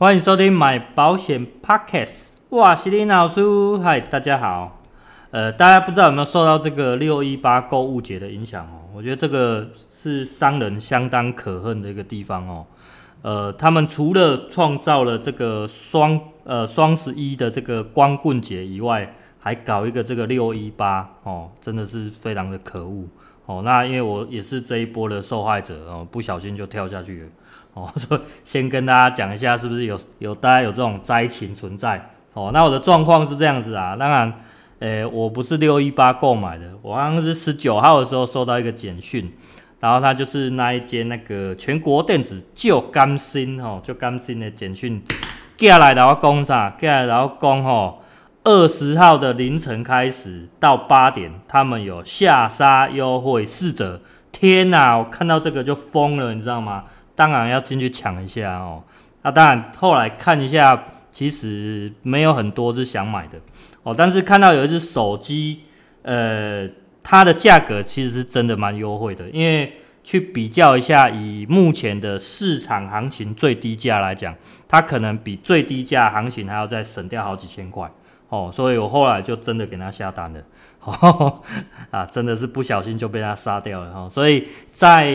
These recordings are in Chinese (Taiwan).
歡迎收聽買保險 Podcast。哇，是林老師，嗨，大家好。呃，大家不知道有沒有受到這個六一八購物節的影響哦？我覺得這個是商人相當可恨的一個地方哦。呃，他們除了創造了這個雙呃雙十一的這個光棍節以外，還搞一個這個六一八哦，真的是非常的可惡。哦，那因為我也是這一波的受害者哦，不小心就跳下去了哦，所以先跟大家講一下，是不是有有大家有這種災情存在？哦，那我的狀況是這樣子啊，當然，誒、欸，我不是六一八購買的，我剛剛是十九號的時候收到一個簡訊，然後它就是那一間那個全國電子就甘心哦，就甘心的簡訊，接下來然後講啥？接下來然後講哦。二十號的凌晨開始到八點，他們有下殺優惠四折。天吶、啊，我看到這個就瘋了，你知道嗎？當然要進去搶一下哦、喔。那、啊、當然後來看一下，其實沒有很多是想買的哦、喔。但是看到有一隻手機，呃，它的價格其實是真的蠻優惠的，因為去比較一下，以目前的市場行情最低價來講，它可能比最低價行情還要再省掉好幾千塊。哦，所以我後來就真的給他下單了，哦啊，真的是不小心就被他殺掉了哈、哦。所以在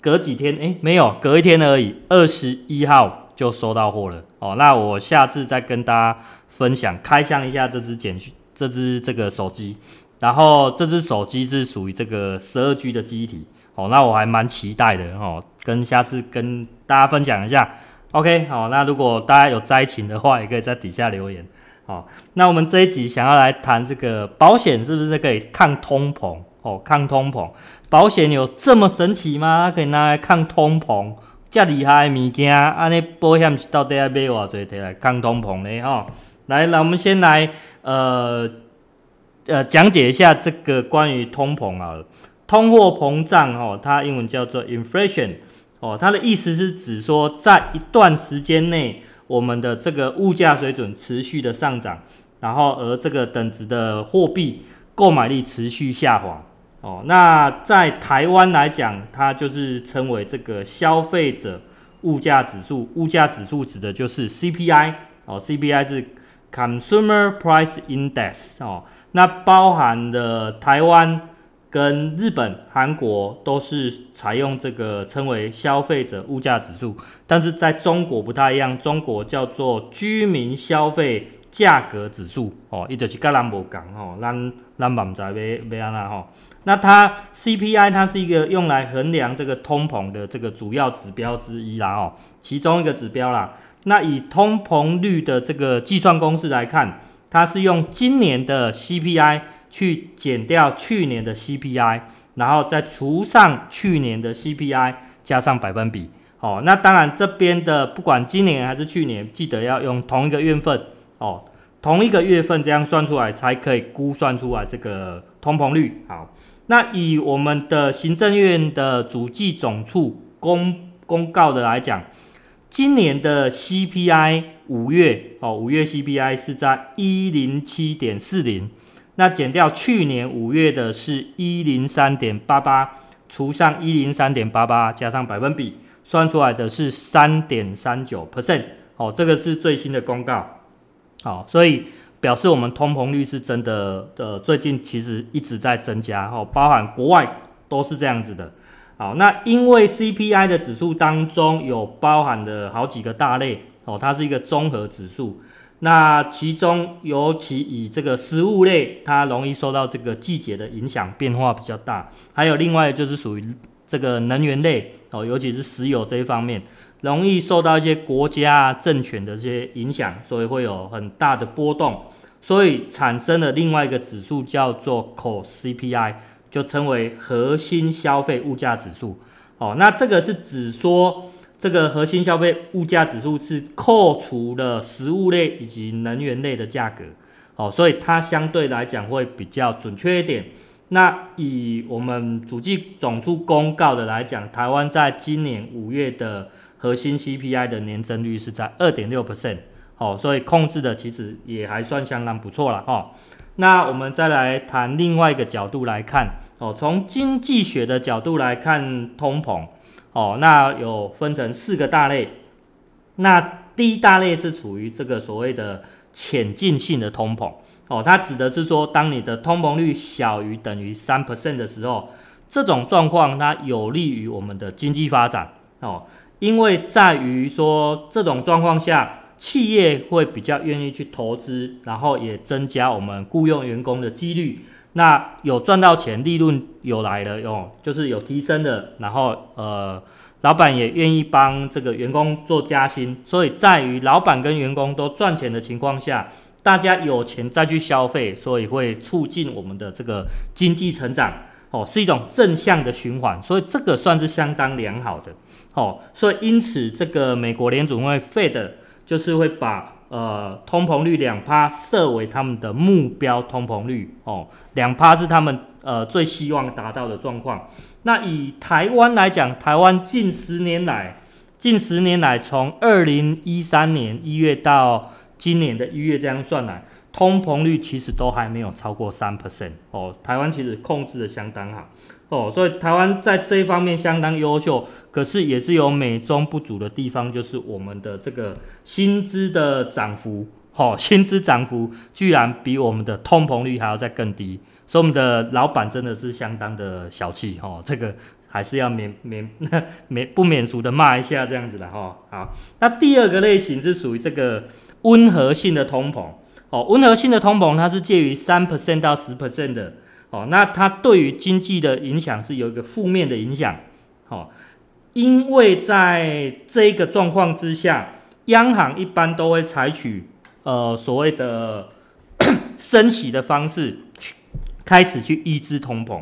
隔幾天，誒、欸，沒有隔一天而已，二十一號就收到貨了。哦，那我下次再跟大家分享開箱一下這只簡訊這只這個手機，然後這只手機是屬於這個十二 G 的記憶體，哦，那我還蠻期待的哦，跟下次跟大家分享一下。OK，好、哦，那如果大家有災情的話，也可以在底下留言。好、哦，那我們這一集想要來談這個保險，是不是可以抗通膨？哦，抗通膨，保險有這麼神奇嗎？可以拿來抗通膨，這厲害的物件，安、啊、尼保險是到底要買偌濟個來抗通膨呢？哈、哦，來，那我們先來呃呃講、呃、解一下這個關於通膨啊，通貨膨脹哦，它英文叫做 inflation，哦，它的意思是指說，在一段時間內。我們的這個物價水準持續的上漲，然後而這個等值的貨幣購買力持續下滑。哦，那在台灣來講，它就是稱為這個消費者物價指數。物價指數指的就是 CPI 哦，CPI 是 Consumer Price Index 哦，那包含的台灣。跟日本、韓國都是採用這個稱為消費者物價指數，但是在中國不太一樣，中國叫做居民消費價格指數哦，伊就是甲咱無共吼，咱咱網那吼。那它 CPI 它是一個用來衡量這個通膨的這個主要指標之一啦哦，其中一個指標啦。那以通膨率的這個計算公式來看，它是用今年的 CPI。去減掉去年的 CPI，然後再除上去年的 CPI 加上百分比，哦，那當然這邊的不管今年還是去年，記得要用同一個月份，哦，同一個月份這樣算出來才可以估算出來這個通膨率。好，那以我們的行政院的主計總處公公告的來講，今年的 CPI 五月，哦，五月 CPI 是在一零七點四零。那減掉去年五月的是一零三點八八，除上一零三點八八加上百分比，算出來的是三點三九 percent。哦，這個是最新的公告。好、哦，所以表示我們通膨率是真的，呃、最近其實一直在增加、哦。包含國外都是這樣子的。好、哦，那因為 CPI 的指數當中有包含的好幾個大類，哦，它是一個綜合指數。那其中，尤其以這個食物類，它容易受到這個季節的影響，變化比較大。還有另外就是屬於這個能源類哦，尤其是石油這一方面，容易受到一些國家政權的這些影響，所以會有很大的波動。所以產生了另外一個指數叫做 Core CPI，就稱為核心消費物價指數哦。那這個是指說。這個核心消費物價指數是扣除了食物類以及能源類的價格，哦，所以它相對來講會比較準確一點。那以我們主計總處公告的來講，台灣在今年五月的核心 CPI 的年增率是在二點六 percent，所以控制的其實也還算相當不錯了哈，哦。那我們再來談另外一個角度來看，哦，從經濟學的角度來看通膨。哦，那有分成四個大類，那第一大類是處於這個所謂的前進性的通膨，哦，它指的是說，當你的通膨率小於等於三 percent 的時候，這種狀況它有利於我們的經濟發展，哦，因為在於說這種狀況下，企業會比較願意去投資，然後也增加我們僱傭員工的幾率。那有賺到錢，利潤有來了喲、哦。就是有提升的，然後呃，老闆也願意幫這個員工做加薪，所以在於老闆跟員工都賺錢的情況下，大家有錢再去消費，所以會促進我們的這個經濟成長哦，是一種正向的循環，所以這個算是相當良好的哦，所以因此這個美國聯準會 Fed 就是會把。呃，通膨率兩趴設為他們的目標通膨率哦，兩趴是他們呃最希望達到的狀況。那以台灣來講，台灣近十年來，近十年來從二零一三年一月到今年的一月這樣算來，通膨率其實都還沒有超過三 percent 哦，台灣其實控制得相當好。哦，所以台灣在這一方面相當優秀，可是也是有美中不足的地方，就是我們的這個薪資的漲幅，哈、哦，薪資漲幅居然比我們的通膨率還要再更低，所以我們的老板真的是相當的小氣，哈、哦，這個還是要免免免不免俗的罵一下這樣子的，哈、哦，好，那第二個類型是屬於這個溫和性的通膨，哦，溫和性的通膨它是介於三 percent 到十 percent 的。哦，那它對於經濟的影響是有一個負面的影響，哦，因為在這一個狀況之下，央行一般都會採取呃所謂的升息的方式去開始去抑制通膨。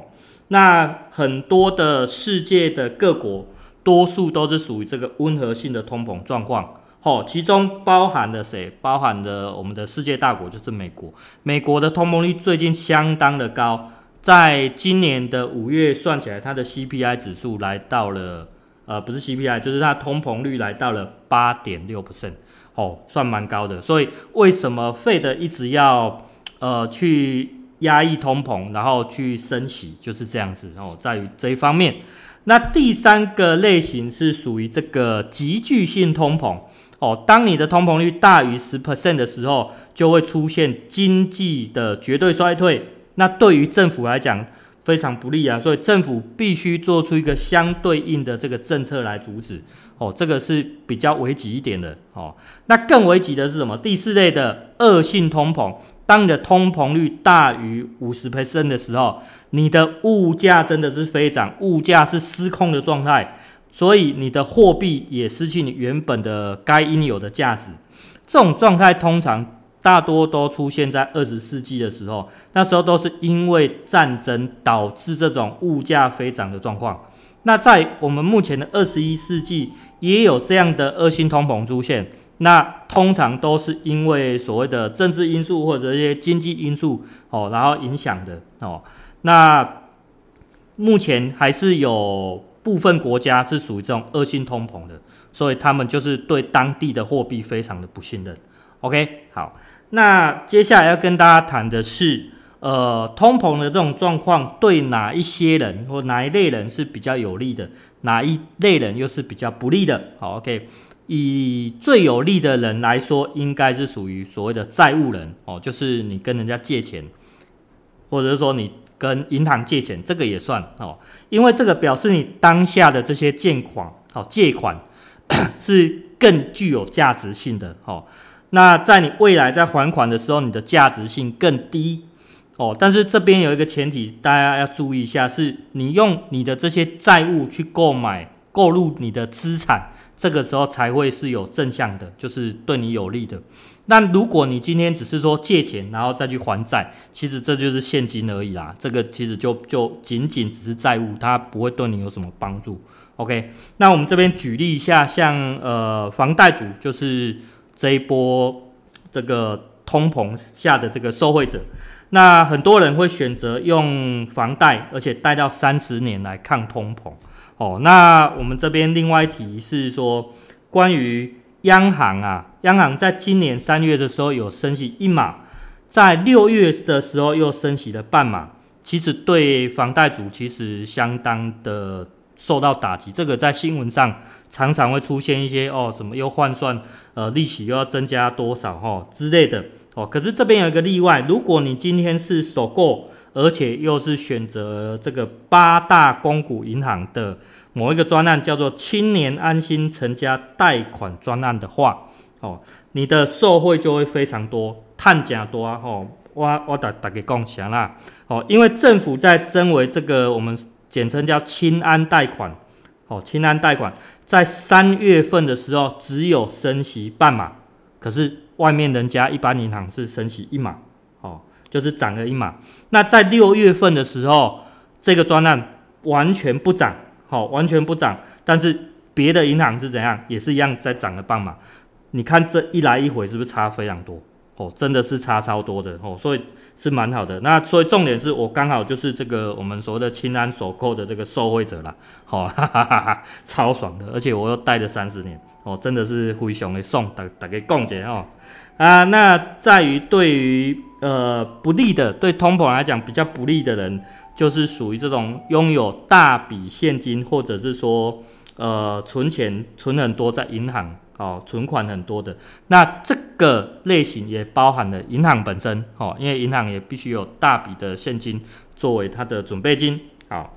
那很多的世界的各國多數都是屬於這個溫和性的通膨狀況，好、哦，其中包含了誰？包含了我們的世界大國就是美國，美國的通膨率最近相當的高。在今年的五月，算起來，它的 CPI 指數來到了，呃，不是 CPI，就是它通膨率來到了八點六 percent，哦，算蠻高的。所以為什麼 Fed 一直要，呃，去壓抑通膨，然後去升息，就是這樣子。哦，在於這一方面。那第三個類型是屬於這個急劇性通膨，哦，當你的通膨率大於十 percent 的時候，就會出現經濟的絕對衰退。那對於政府來講非常不利啊，所以政府必須做出一個相對應的這個政策來阻止哦，這個是比較危急一點的哦。那更危急的是什麼？第四類的惡性通膨，當你的通膨率大於五十 percent 的時候，你的物價真的是飛漲，物價是失控的狀態，所以你的貨幣也失去你原本的該應有的價值。這種狀態通常。大多都出現在二十世紀的時候，那時候都是因為戰爭導致這種物價飛漲的狀況。那在我們目前的二十一世紀，也有這樣的惡性通膨出現。那通常都是因為所謂的政治因素或者一些經濟因素哦，然後影響的哦。那目前還是有部分國家是屬於這種惡性通膨的，所以他們就是對當地的貨幣非常的不信任。OK，好。那接下來要跟大家談的是，呃，通膨的這種狀況對哪一些人或哪一類人是比較有利的？哪一類人又是比較不利的？好，OK，以最有利的人來說，應該是屬於所謂的債務人哦，就是你跟人家借錢，或者說你跟銀行借錢，這個也算哦，因為這個表示你當下的這些建款、哦、借款，借款 是更具有價值性的哦。那在你未來在還款的時候，你的價值性更低哦。但是這邊有一個前提，大家要注意一下，是你用你的這些債務去購買、購入你的資產，這個時候才會是有正向的，就是對你有利的。那如果你今天只是說借錢，然後再去還債，其實這就是現金而已啦。這個其實就就僅僅只是債務，它不會對你有什麼幫助。OK，那我們這邊舉例一下，像呃房貸主就是。這一波這個通膨下的這個受惠者，那很多人會選擇用房貸，而且貸到三十年來抗通膨。哦，那我們這邊另外一題是說，關於央行啊，央行在今年三月的時候有升息一碼，在六月的時候又升息了半碼，其實對房貸族其實相當的受到打擊，這個在新聞上常常會出現一些哦，什麼又換算呃利息，又要增加多少哈、哦、之類的哦。可是這邊有一個例外，如果你今天是首購，而且又是選擇這個八大公股銀行的某一個專案，叫做“青年安心成家貸款專案”的話哦，你的受惠就會非常多，探減多啊哈。我我打打講共享啦哦，因為政府在增為這個我們。簡稱叫青安貸款，哦，青安貸款在三月份的時候只有升息半碼，可是外面人家一般銀行是升息一碼，哦，就是漲了一碼。那在六月份的時候，這個專案完全不漲，好、哦，完全不漲。但是別的銀行是怎樣，也是一樣在漲了半碼。你看這一來一回是不是差非常多？哦，真的是差超多的哦，所以。是蠻好的，那所以重點是我剛好就是這個我們所謂的“青安首購”的這個受惠者啦，好、哦哈哈哈哈，超爽的，而且我又貸了三十年，哦，真的是灰熊的送，大家大家共濟哦，啊，那在於對於呃不利的對通膨來講比較不利的人，就是屬於這種擁有大筆現金或者是說呃存錢存很多在銀行。哦，存款很多的，那這個類型也包含了銀行本身，哦，因為銀行也必須有大筆的現金作為它的準備金。好，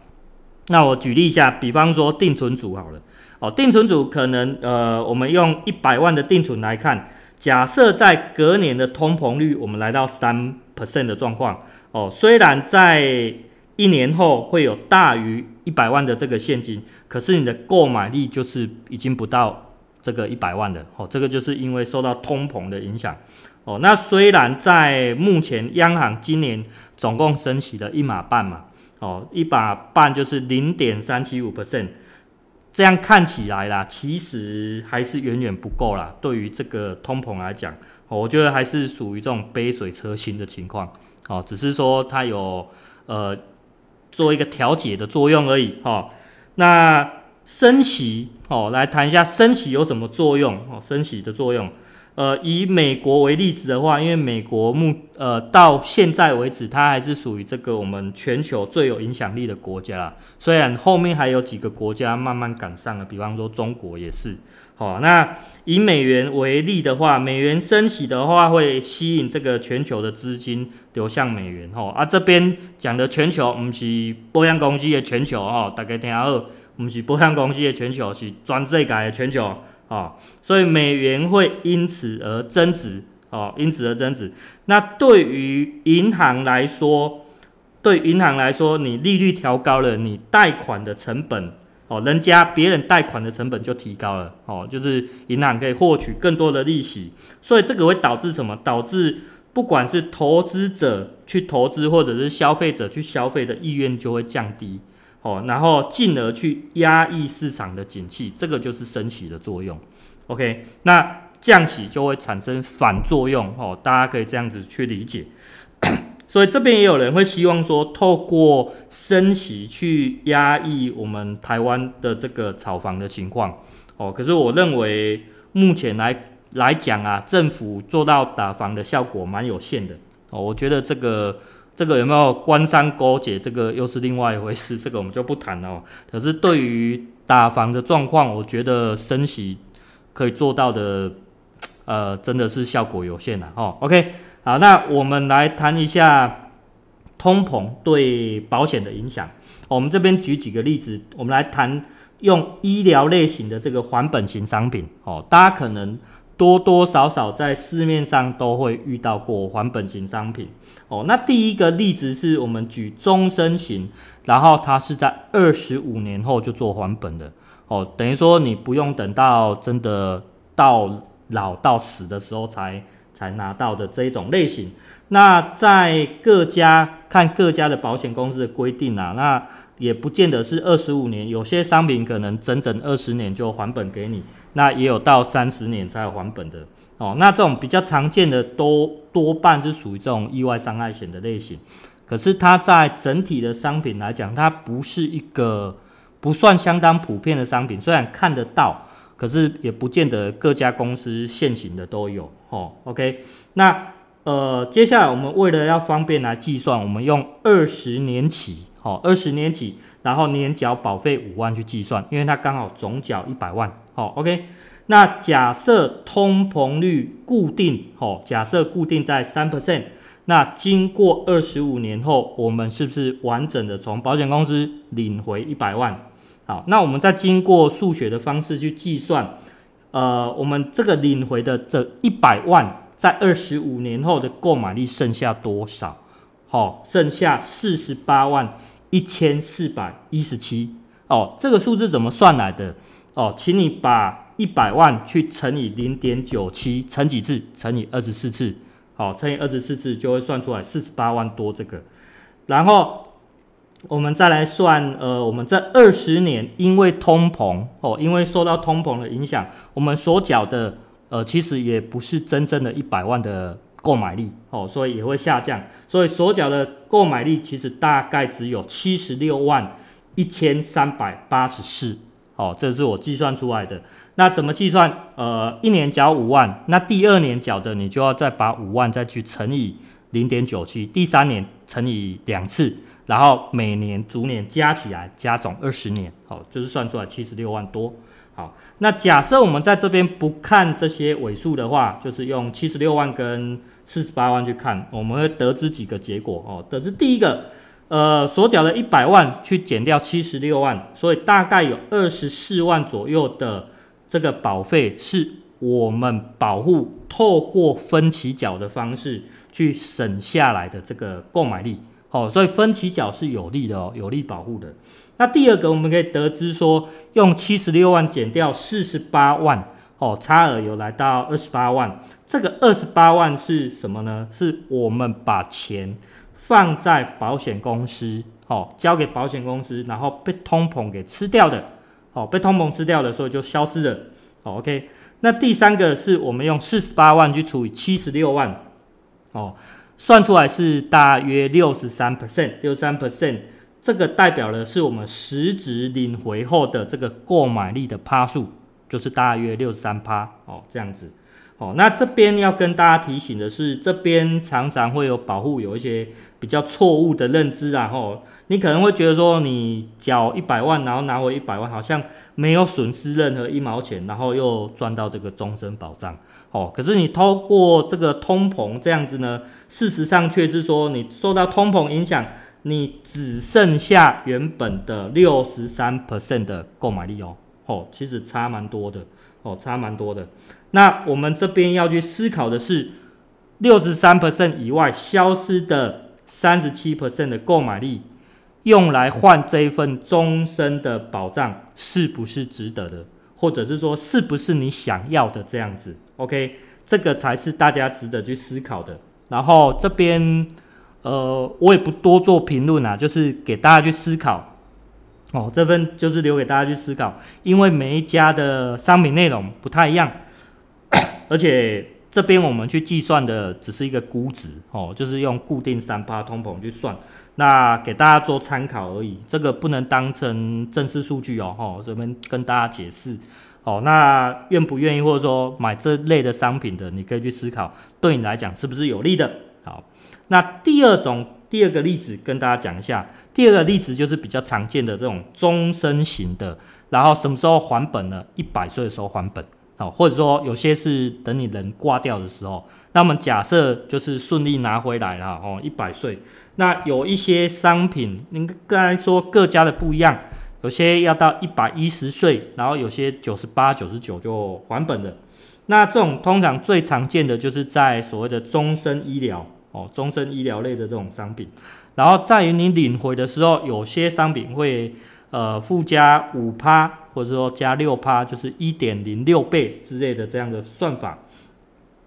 那我舉例一下，比方說定存組好了，哦，定存組可能，呃，我們用一百萬的定存來看，假設在隔年的通膨率我們來到三 percent 的狀況，哦，雖然在一年後會有大於一百萬的這個現金，可是你的購買力就是已經不到。這個一百萬的哦，這個就是因為受到通膨的影響哦。那雖然在目前央行今年總共升息了一碼半嘛，哦，一碼半就是零點三七五 percent，這樣看起來啦，其實還是遠遠不夠啦，對於這個通膨來講，哦，我覺得還是屬於這種杯水車薪的情況哦，只是說它有呃做一個調節的作用而已哦。那。升息，哦，來談一下升息有什麼作用？哦，升息的作用，呃，以美國為例子的話，因為美國目，呃，到現在為止，它還是屬於這個我們全球最有影響力的國家啦。雖然後面還有幾個國家慢慢趕上了，比方說中國也是。好，哦，那以美元為例的話，美元升息的話，會吸引這個全球的資金流向美元。吼，哦，啊，這邊講的、的全球，唔是保險公司的全球哦，大家聽好。不是，波項公司的全球是全世界的全球啊、哦，所以美元會因此而增值啊、哦，因此而增值。那對於銀行來說，對銀行來說，你利率調高了，你貸款的成本哦，人家別人貸款的成本就提高了哦，就是銀行可以獲取更多的利息。所以這個會導致什麼？導致不管是投資者去投資，或者是消費者去消費的意願就會降低。哦，然後進而去壓抑市場的景氣，這個就是升息的作用。OK，那降息就會產生反作用。哦，大家可以這樣子去理解。 所以這邊也有人會希望說，透過升息去壓抑我們台灣的這個炒房的情況。哦，可是我認為目前來來講啊，政府做到打房的效果蠻有限的。哦，我覺得這個。這個有沒有官商勾結？這個又是另外一回事，這個我們就不談了，哦。可是對於打房的狀況，我覺得升息可以做到的，呃，真的是效果有限了，啊。哦，OK，好，那我們來談一下通膨對保險的影響，哦。我們這邊舉幾個例子，我們來談用醫療類型的這個還本型商品。哦，大家可能。多多少少在市面上都會遇到過還本型商品哦。那第一個例子是我們舉終身型，然後它是在二十五年後就做還本的哦，等於說你不用等到真的到老到死的時候才才拿到的這一種類型。那在各家看各家的保險公司的規定啊，那也不見得是二十五年，有些商品可能整整二十年就還本給你。那也有到三十年才有還本的哦。那這種比較常見的多，多多半是屬於這種意外傷害險的類型。可是它在整體的商品來講，它不是一個不算相當普遍的商品。雖然看得到，可是也不見得各家公司現行的都有哦。OK。那呃，接下來我們為了要方便來計算，我們用二十年起。好，二十年起，然後年繳保費五萬去計算，因為它剛好總繳一百萬。好，OK。那假設通膨率固定，好，假設固定在三 percent，那經過二十五年後，我們是不是完整的從保險公司領回一百萬？好，那我們再經過數學的方式去計算，呃，我們這個領回的這一百萬，在二十五年後的購買力剩下多少？好，剩下四十八萬。一千四百一十七哦，這個數字怎麼算來的？哦，請你把一百萬去乘以零點九七，乘幾次？乘以二十四次，好，哦，乘以二十四次就會算出來四十八萬多這個。然後我們再來算，呃，我們這二十年因為通膨，哦，因為受到通膨的影響，我們所繳的，呃，其實也不是真正的一百萬的。購買力哦，所以也會下降，所以所繳的購買力其實大概只有七十六萬一千三百八十四，好，這是我計算出來的。那怎麼計算？呃，一年繳五萬，那第二年繳的你就要再把五萬再去乘以零點九七，第三年乘以兩次，然後每年逐年加起來，加總二十年，好，哦，就是算出來七十六萬多。好，哦，那假設我們在這邊不看這些尾數的話，就是用七十六萬跟四十八萬去看，我們會得知幾個結果哦。得知第一個，呃，所繳的一百萬去減掉七十六萬，所以大概有二十四萬左右的這個保費是我們保戶透過分期繳的方式去省下來的這個購買力哦。所以分期繳是有利的哦，有利保戶的。那第二個，我們可以得知說，用七十六萬減掉四十八萬。哦，差額有來到二十八萬，這個二十八萬是什麼呢？是我們把錢放在保險公司，哦，交給保險公司，然後被通膨給吃掉的，哦，被通膨吃掉的，所以就消失了。哦，OK，那第三個是我們用四十八萬去除以七十六萬，哦，算出來是大約六十三 percent，六十三 percent，這個代表的是我們實質領回後的這個購買力的趴數。就是大約六十三趴哦，這樣子哦、喔。那這邊要跟大家提醒的是，這邊常常會有保戶有一些比較錯誤的認知啊吼。你可能會覺得說，你繳一百萬，然後拿回一百萬，好像沒有損失任何一毛錢，然後又賺到這個終身保障哦、喔。可是你透過這個通膨這樣子呢，事實上卻是說，你受到通膨影響，你只剩下原本的六十三 percent 的購買力哦、喔。哦，其實差蠻多的，哦，差蠻多的。那我們這邊要去思考的是，六十三 percent 以外消失的三十七 percent 的購買力，用來換這一份終身的保障，是不是值得的？或者是說，是不是你想要的這樣子？OK，這個才是大家值得去思考的。然後這邊，呃，我也不多做評論啊，就是給大家去思考。哦，這份就是留給大家去思考，因為每一家的商品內容不太一樣，而且這邊我們去計算的只是一個估值哦，就是用固定三趴通膨去算，那給大家做參考而已，這個不能當成正式數據哦。哈、哦，這邊跟大家解釋。哦，那願不願意或者說買這類的商品的，你可以去思考，對你來講是不是有利的？好，那第二種。第二個例子跟大家講一下，第二個例子就是比較常見的這種終身型的，然後什麼時候還本呢？一百歲的時候還本，好，或者說有些是等你人掛掉的時候，那我們假設就是順利拿回來了哦，一百歲，那有一些商品，應該說各家的不一樣，有些要到一百一十歲，然後有些九十八、九十九就還本的，那這種通常最常見的就是在所謂的終身醫療。哦，終身醫療類的這種商品，然後在於你領回的時候，有些商品會呃附加五趴，或者說加六趴，就是一點零六倍之類的這樣的算法。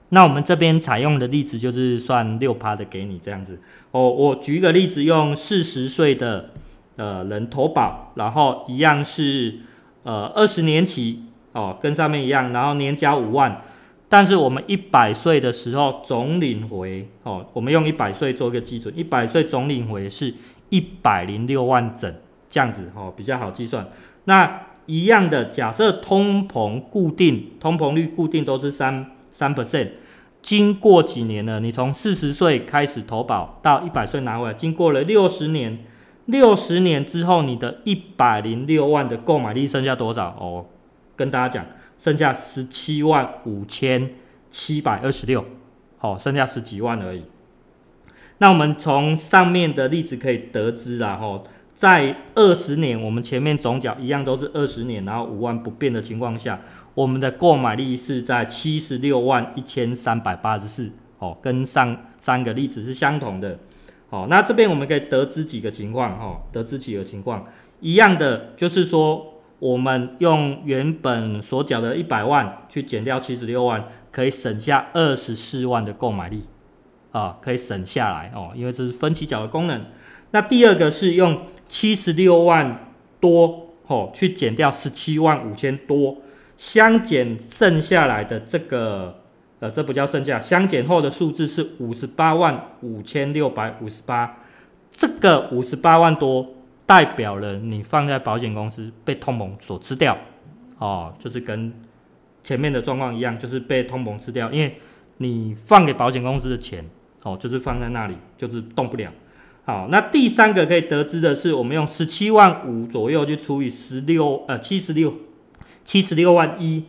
那我們這邊採用的例子就是算六趴的給你這樣子。哦，我舉一個例子，用四十歲的呃人投保，然後一樣是呃二十年期哦，跟上面一樣，然後年交五萬。但是我們一百歲的時候總領回哦，我們用一百歲做一個基準，一百歲總領回是一百零六萬整這樣子哦，比較好計算。那一樣的假設通膨固定，通膨率固定都是三三 percent，經過幾年了？你從四十歲開始投保到一百歲拿回來，經過了六十年，六十年之後你的一百零六萬的購買力剩下多少哦？跟大家講。剩下十七萬五千七百二十六，好，剩下十幾萬而已。那我們從上面的例子可以得知啦，吼，在二十年，我們前面總繳一樣都是二十年，然後五萬不變的情況下，我們的購買力是在七十六萬一千三百八十四，哦，跟上三個例子是相同的。哦，那這邊我們可以得知幾個情況，哦，得知幾個情況，一樣的就是說。我們用原本所繳的一百萬去減掉七十六萬，可以省下二十四萬的購買力，啊、呃，可以省下來哦，因為這是分期繳的功能。那第二個是用七十六萬多哦去減掉十七萬五千多，相減剩下來的這個，呃，這不叫剩下，相減後的數字是五十八萬五千六百五十八，這個五十八萬多。代表了你放在保險公司被通膨所吃掉，哦，就是跟前面的狀況一樣，就是被通膨吃掉，因為你放給保險公司的錢，哦，就是放在那裡，就是動不了。好，那第三個可以得知的是，我們用十七萬五左右去除以十六，呃，七十六，七十六萬一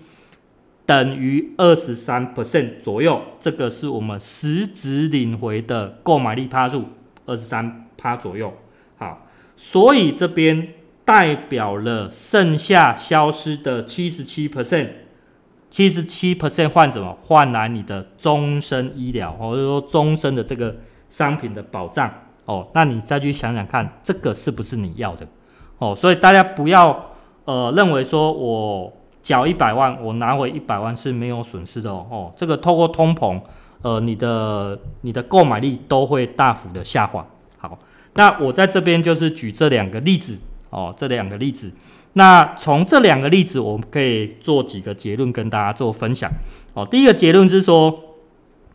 等於二十三 percent 左右，這個是我們實質領回的購買力趴數，二十三趴左右。所以這邊代表了剩下消失的七十七 percent，七十七 percent 換什麼？換來你的終身醫療，或者說終身的這個商品的保障哦。那你再去想想看，這個是不是你要的哦？所以大家不要呃認為說我繳一百萬，我拿回一百萬是沒有損失的哦。哦，這個透過通膨，呃，你的你的購買力都會大幅的下滑。那我在這邊就是舉這兩個例子哦，這兩個例子。那從這兩個例子，我們可以做幾個結論跟大家做分享哦。第一個結論是說，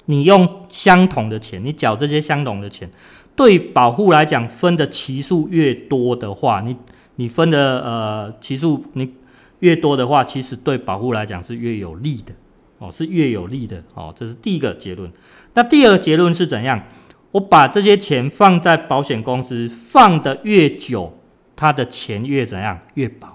你用相同的錢，你繳這些相同的錢，對保戶來講，分的期數越多的話，你你分的呃期數你越多的話，其實對保戶來講是越有利的哦，是越有利的哦。這是第一個結論。那第二個結論是怎樣？我把這些錢放在保險公司，放得越久，他的錢越怎樣？越薄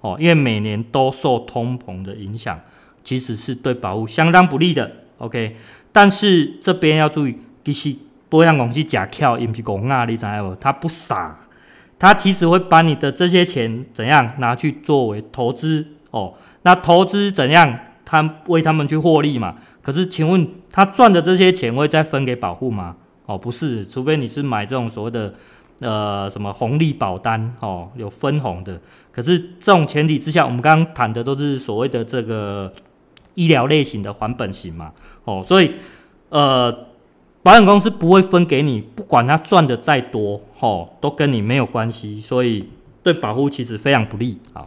哦，因為每年都受通膨的影響，其實是對保護相當不利的。OK，但是這邊要注意，其實保險公司假跳，也不是他不傻，他其實會把你的這些錢怎樣，拿去作為投資哦。那投資怎樣？他為他們去獲利嘛？可是，請問他賺的這些錢會再分給保護嗎？哦，不是，除非你是買這種所謂的，呃，什麼紅利保單，哦，有分紅的。可是這種前提之下，我們剛剛談的都是所謂的這個醫療類型的還本型嘛，哦，所以，呃，保險公司不會分給你，不管他賺的再多，哦，都跟你沒有關係，所以對保護其實非常不利啊。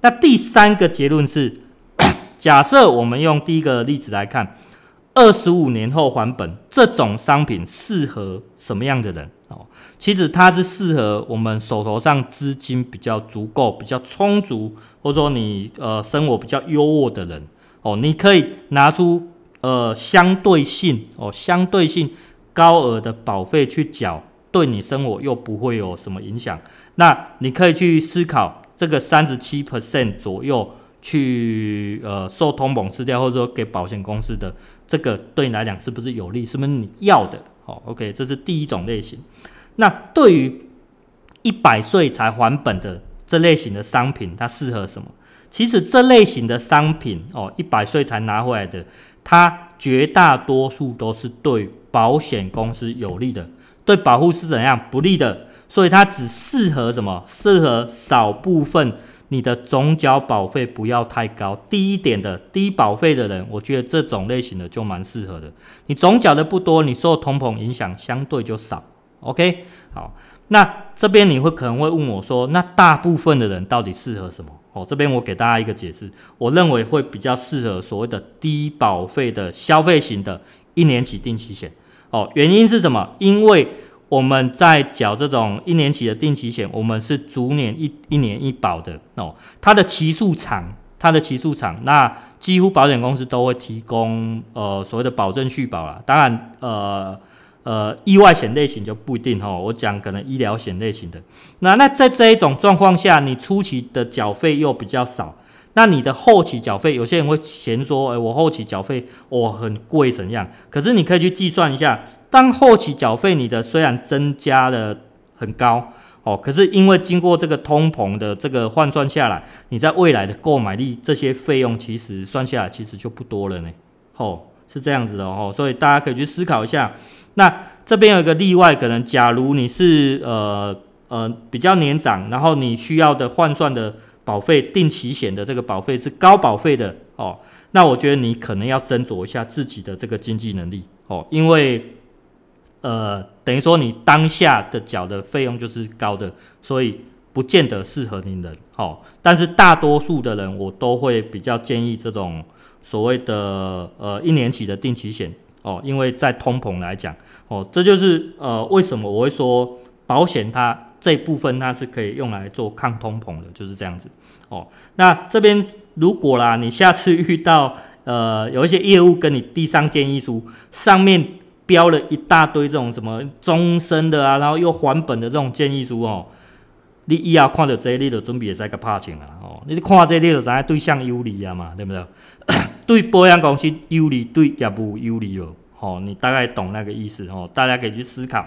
那第三個結論是， 假設我們用第一個例子來看。二十五年後還本，這種商品適合什麼樣的人？哦，其實它是適合我們手頭上資金比較足夠、比較充足，或者說你呃生活比較優渥的人。哦，你可以拿出呃相對性哦相對性高額的保費去繳，對你生活又不會有什麼影響。那你可以去思考這個三十七 percent 左右去呃受通膨吃掉，或者說給保險公司的。這個對你來講是不是有利？是不是你要的？哦，OK，這是第一種類型。那對於一百歲才還本的這類型的商品，它適合什麼？其實這類型的商品哦，一百歲才拿回來的，它絕大多數都是對保險公司有利的，對保戶是怎樣？不利的。所以它只適合什麼？適合少部分。你的總繳保費不要太高，低一點的低保費的人，我覺得這種類型的就蠻適合的。你總繳的不多，你受通膨影響相對就少。OK，好，那這邊你會可能會問我說，那大部分的人到底適合什麼？哦，這邊我給大家一個解釋，我認為會比較適合所謂的低保費的消費型的一年期定期險。哦，原因是什麼？因為。我們在繳這種一年期的定期險，我們是逐年一一年一保的哦。它的期數長，它的期數長，那幾乎保險公司都會提供呃所謂的保證續保啦。當然，呃呃，意外險類型就不一定哈、哦。我講可能醫療險類型的。那那在這一種狀況下，你初期的繳費又比較少，那你的後期繳費，有些人會嫌說，誒、欸、我後期繳費我很貴怎樣？可是你可以去計算一下。當後期繳費，你的雖然增加了很高哦，可是因為經過這個通膨的這個換算下來，你在未來的購買力這些費用，其實算下來其實就不多了呢。哦，是這樣子的哦，所以大家可以去思考一下。那這邊有一個例外，可能假如你是呃呃比較年長，然後你需要的換算的保費定期險的這個保費是高保費的哦，那我覺得你可能要斟酌一下自己的這個經濟能力哦，因為。呃，等於說你當下的繳的費用就是高的，所以不見得適合你的。好、哦，但是大多數的人我都會比較建議這種所謂的呃一年期的定期險哦，因為在通膨來講哦，這就是呃為什麼我會說保險它這部分它是可以用來做抗通膨的，就是這樣子哦。那這邊如果啦，你下次遇到呃有一些業務跟你遞上建議書上面。標了一大堆這種什麼終身的啊，然後又還本的這種建議書哦，你以後看到這一類就準備也是個拍錢了哦。你看到這一類的，對象有利啊嘛，對不對？ 對保險公司有利，對業務有利哦。哦，你大概懂那個意思哦。大家可以去思考。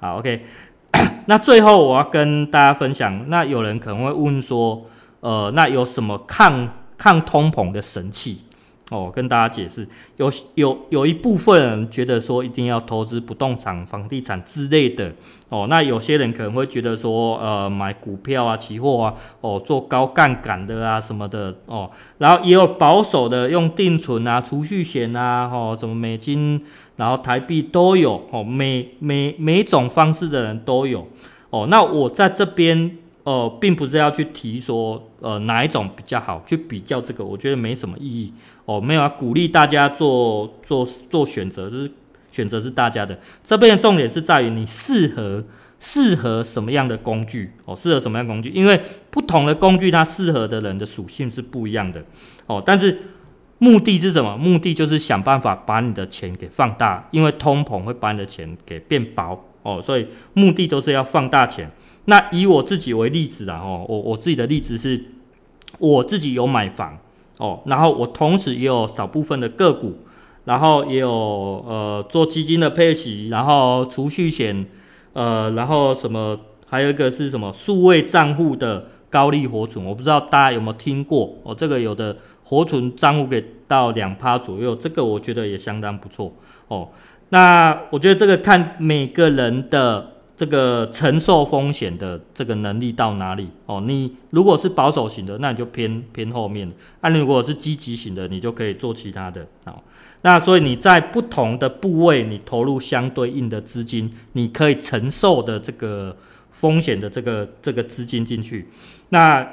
好，OK。 那最後我要跟大家分享，那有人可能會問說，呃，那有什麼抗抗通膨的神器？哦，跟大家解釋，有有有一部分人覺得說一定要投資不動產、房地產之類的，哦，那有些人可能會覺得說，呃，買股票啊、期貨啊，哦，做高槓桿的啊什麼的，哦，然後也有保守的用定存啊、儲蓄險啊，哦，什麼美金、然後台幣都有，哦，每每每種方式的人都有，哦，那我在這邊。哦、呃，並不是要去提說，呃，哪一種比較好去比較這個，我覺得沒什麼意義。哦，沒有啊，鼓勵大家做做做選擇，就是選擇是大家的。這邊的重點是在於你適合適合什麼樣的工具，哦，適合什麼樣的工具？因為不同的工具，它適合的人的屬性是不一樣的。哦，但是目的是什麼？目的就是想辦法把你的錢給放大，因為通膨會把你的錢給變薄。哦，所以目的都是要放大錢。那以我自己為例子啦，哦，我我自己的例子是，我自己有買房，哦，然後我同時也有少部分的個股，然後也有呃做基金的配息，然後儲蓄險，呃，然後什麼還有一個是什麼數位賬戶的高利活存，我不知道大家有沒有聽過哦，這個有的活存賬戶給到兩趴左右，這個我覺得也相當不錯哦。那我覺得這個看每個人的這個承受風險的這個能力到哪裡哦，你如果是保守型的，那你就偏偏後面。啊，那你如果是積極型的，你就可以做其他的。好，那所以你在不同的部位，你投入相對應的資金，你可以承受的這個風險的這個這個資金進去，那。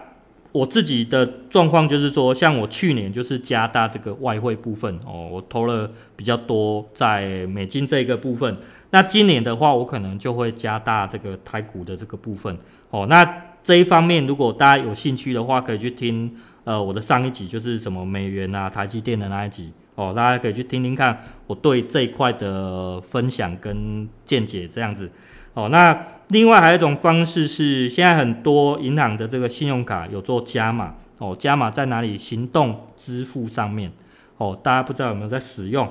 我自己的狀況就是說，像我去年就是加大這個外匯部分哦，我投了比較多在美金這個部分。那今年的話，我可能就會加大這個台股的這個部分哦。那這一方面，如果大家有興趣的話，可以去聽呃我的上一集就是什麼美元啊、台積電的那一集哦，大家可以去聽聽看我對這一塊的分享跟見解這樣子。哦，那另外還有一種方式是，現在很多銀行的這個信用卡有做加碼哦，加碼在哪裡？行動支付上面哦，大家不知道有沒有在使用？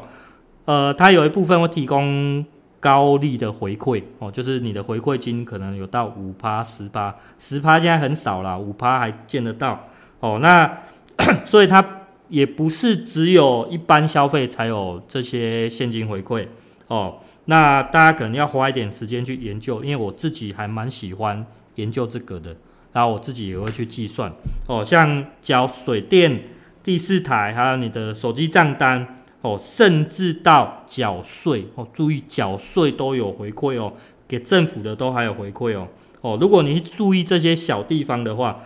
呃，它有一部分會提供高利的回饋哦，就是你的回饋金可能有到五趴、十趴、十趴，現在很少啦，五趴還見得到哦。那 所以它也不是只有一般消費才有這些現金回饋哦。那大家可能要花一點時間去研究，因為我自己還蠻喜歡研究這個的，然後我自己也會去計算哦，像繳水電、第四台，還有你的手機賬單哦，甚至到繳稅哦，注意繳稅都有回饋哦，給政府的都還有回饋哦哦，如果你注意這些小地方的話，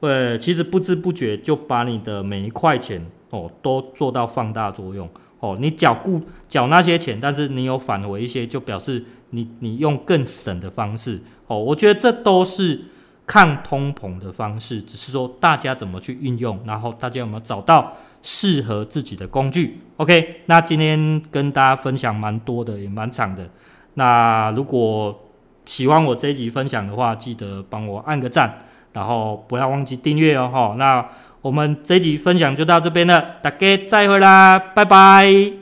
呃，其實不知不覺就把你的每一塊錢哦都做到放大作用。哦，你繳固繳那些錢，但是你有返回一些，就表示你你用更省的方式。哦，我覺得這都是抗通膨的方式，只是說大家怎麼去運用，然後大家有沒有找到適合自己的工具？OK，那今天跟大家分享蠻多的，也蠻長的。那如果喜歡我這一集分享的話，記得幫我按個讚，然後不要忘記訂閱哦。哈、哦，那。我們這一集分享就到這邊了，大家再會啦，拜拜。